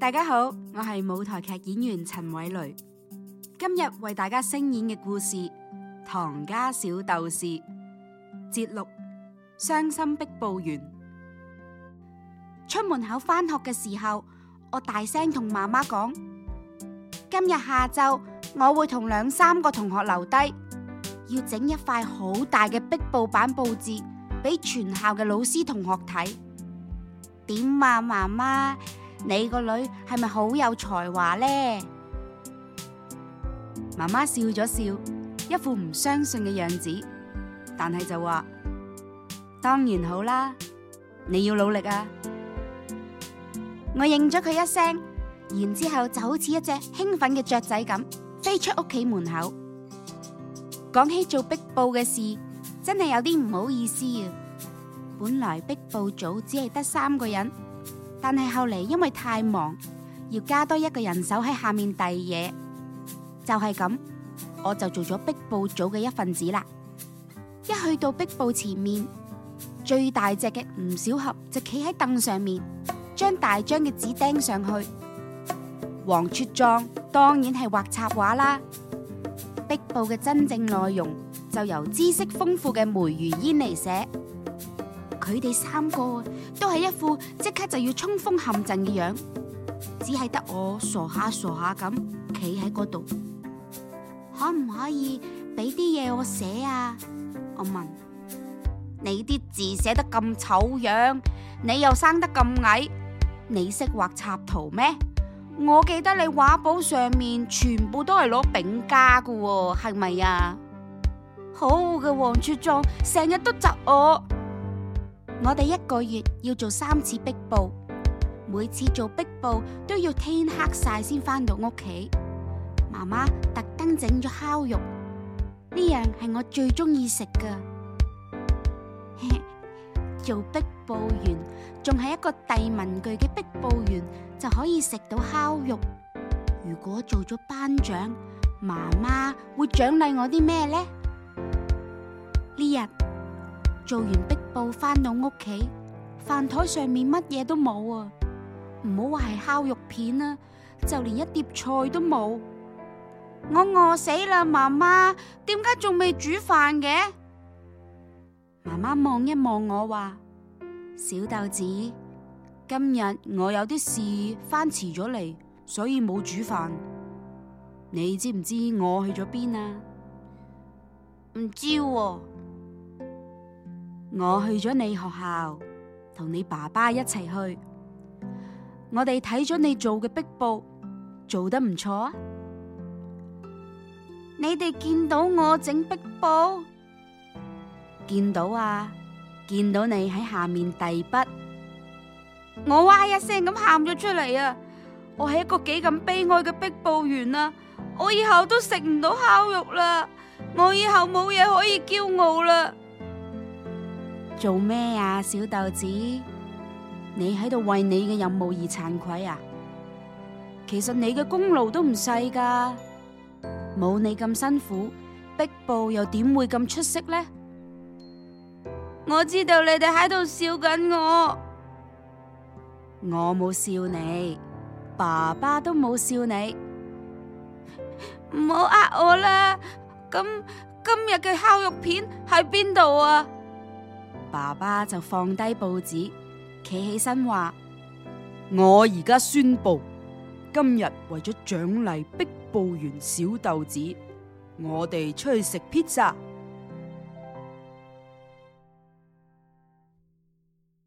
大家好，我係舞台劇演員陳卉雷，今日為大家聲演嘅故事《唐家小豆事》節錄《傷心壁報員》。出門口返學嘅時候，我大聲同媽媽講：今日下晝我會同兩三個同學留低，要整一塊好大嘅壁報板布置，俾全校嘅老師同學睇。點啊，媽媽！你個女係咪好有才華呢？媽媽笑咗笑，一副唔相信嘅樣子，但係就話當然好啦，你要努力啊！我應咗佢一聲，然之後就好似一隻興奮嘅雀仔咁，飛出屋企門口。講起做壁報嘅事，真係有啲唔好意思啊！本來壁報組只係得三個人。但係後嚟因為太忙，要多加多一個人手喺下面遞嘢，就係咁，我就做咗壁報組嘅一份子啦。一去到壁報前面，最大隻嘅吳小俠就企喺凳上面，將大張嘅紙釘上去。黃雀狀當然係畫插畫啦。壁報嘅真正內容就由知識豐富嘅梅如煙嚟寫。佢哋三個都係一副即刻就要衝鋒陷陣嘅樣，只係得我傻下傻下咁企喺嗰度。可唔可以俾啲嘢我寫啊？我問。你啲字寫得咁醜樣，你又生得咁矮，你識畫插圖咩？我記得你畫簿上面全部都係攞丙架噶，係咪啊？可惡嘅黃柱狀，成日都窒我。我哋一個月要做三次壁報，每次做壁報都要天黑晒先返到屋企。媽媽特登整咗烤肉，呢樣係我最中意食㗎。做壁報員仲係一個遞文具嘅壁報員，就可以食到烤肉。如果做咗班長，媽媽會獎勵我啲咩呢？呢日。做完壁報，翻到屋企，飯台上面乜嘢都冇啊！唔好話係烤肉片啊，就連一碟菜都冇。我餓死啦！媽媽，點解仲未煮飯嘅？媽媽望一望我話：小豆子，今日我有啲事，翻遲咗嚟，所以冇煮飯。你知唔知我去咗邊啊？唔知喎。我去咗你學校，同你爸爸一齊去。我哋睇咗你做嘅壁報，做得唔錯啊。你哋見到我整壁報？見到啊，見到你喺下面遞筆，我哇一聲咁喊咗出嚟啊！我係一個幾咁悲哀嘅壁報員啊！我以後都食唔到烤肉啦，我以後冇嘢可以驕傲啦。做咩啊，小豆子？你喺度為你嘅任務而慚愧啊？其實你嘅功勞都唔細噶，冇你咁辛苦，壁報又點會咁出色呢？我知道你哋喺度笑緊我，我冇笑你，爸爸都冇笑你，唔好呃我啦。咁今日嘅烤肉片喺邊度啊？爸爸就放低報紙，企起身話：我而家宣布，今日為咗獎勵，壁報員小豆子，我哋出去食披薩。